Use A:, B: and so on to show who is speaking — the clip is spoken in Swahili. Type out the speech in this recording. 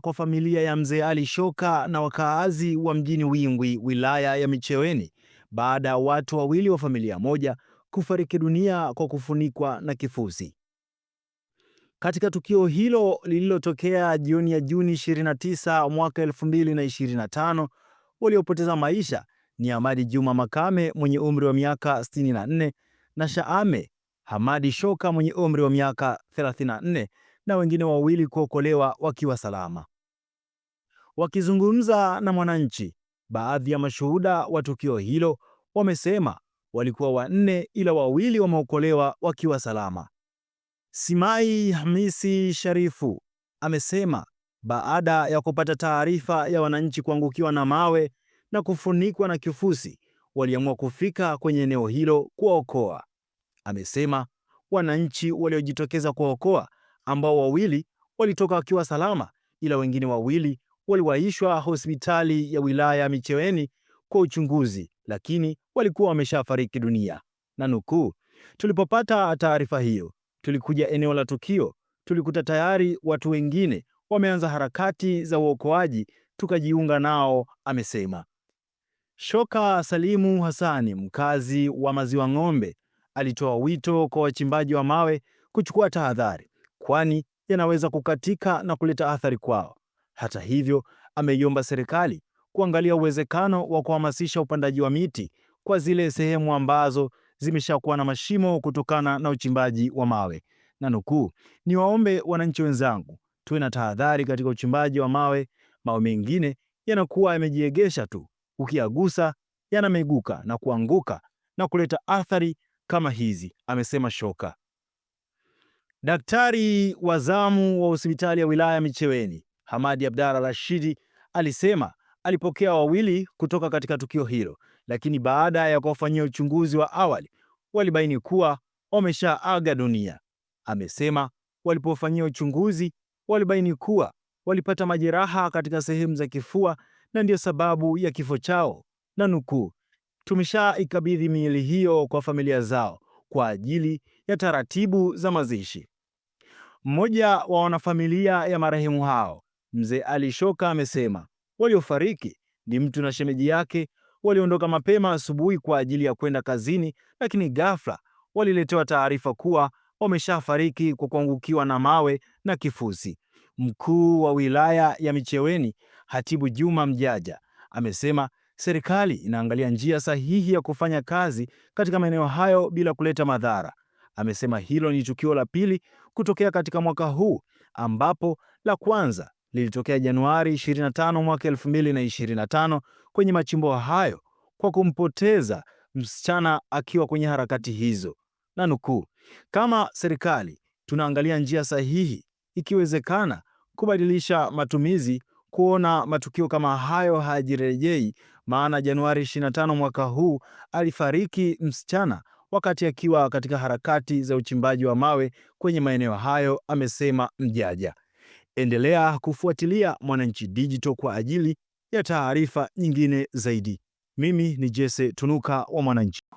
A: kwa familia ya mzee Ali Shoka na wakaazi wa mjini Wingwi, wilaya ya Micheweni, baada ya watu wawili wa familia moja kufariki dunia kwa kufunikwa na kifusi. Katika tukio hilo lililotokea jioni ya Juni 29 mwaka 2025, waliopoteza maisha ni Amadi Juma Makame mwenye umri wa miaka 64 na Shaame Hamadi Shoka mwenye umri wa miaka 34 na wengine wawili kuokolewa wakiwa salama. Wakizungumza na Mwananchi, baadhi ya mashuhuda wa tukio hilo wamesema walikuwa wanne ila wawili wameokolewa wakiwa salama. Simai Hamisi Sharifu amesema baada ya kupata taarifa ya wananchi kuangukiwa na mawe na kufunikwa na kifusi, waliamua kufika kwenye eneo hilo kuwaokoa. Amesema wananchi waliojitokeza kuwaokoa ambao wawili walitoka wakiwa salama, ila wengine wawili waliwaishwa hospitali ya wilaya Micheweni kwa uchunguzi, lakini walikuwa wameshafariki dunia. Na nukuu, tulipopata taarifa hiyo tulikuja eneo la tukio, tulikuta tayari watu wengine wameanza harakati za uokoaji, tukajiunga nao, amesema.
B: Shoka Salimu hasani mkazi wa Maziwa Ng'ombe, alitoa wito kwa wachimbaji wa mawe kuchukua tahadhari kwani yanaweza kukatika na kuleta athari kwao. Hata hivyo, ameiomba serikali kuangalia uwezekano wa kuhamasisha upandaji wa miti kwa zile sehemu ambazo zimeshakuwa na mashimo kutokana na uchimbaji wa mawe. Na nukuu, niwaombe wananchi wenzangu tuwe na tahadhari katika uchimbaji wa mawe. Mawe mengine yanakuwa yamejiegesha tu, ukiyagusa yanameguka na kuanguka na kuleta athari kama hizi, amesema Shoka.
C: Daktari wa zamu wa hospitali ya wilaya Micheweni, Hamadi Abdalla Rashidi, alisema alipokea wawili kutoka katika tukio hilo, lakini baada ya kuwafanyia uchunguzi wa awali walibaini kuwa wameshaaga dunia. Amesema walipofanyia uchunguzi walibaini kuwa walipata majeraha katika sehemu za kifua na ndiyo sababu ya kifo chao, na nukuu, tumeshaikabidhi miili hiyo kwa familia zao kwa ajili ya taratibu za mazishi.
D: Mmoja wa wanafamilia ya marehemu hao Mzee Ali Shoka amesema waliofariki ni mtu na shemeji yake waliondoka mapema asubuhi kwa ajili ya kwenda kazini, lakini ghafla waliletewa taarifa kuwa wameshafariki kwa kuangukiwa na mawe na kifusi. Mkuu wa wilaya ya Micheweni Hatibu Juma Mjaja amesema serikali inaangalia njia sahihi ya kufanya kazi katika maeneo hayo bila kuleta madhara. Amesema hilo ni tukio la pili kutokea katika mwaka huu ambapo la kwanza lilitokea Januari 25 mwaka 2025 kwenye machimbo hayo kwa kumpoteza msichana akiwa kwenye harakati hizo, na nukuu, kama serikali tunaangalia njia sahihi, ikiwezekana kubadilisha matumizi, kuona matukio kama hayo hayajirejei, maana Januari 25 mwaka huu alifariki msichana wakati akiwa katika harakati za uchimbaji wa mawe kwenye maeneo hayo, amesema Mjaja.
E: Endelea kufuatilia Mwananchi Digital kwa ajili ya taarifa nyingine zaidi. Mimi ni Jesse Tunuka wa Mwananchi.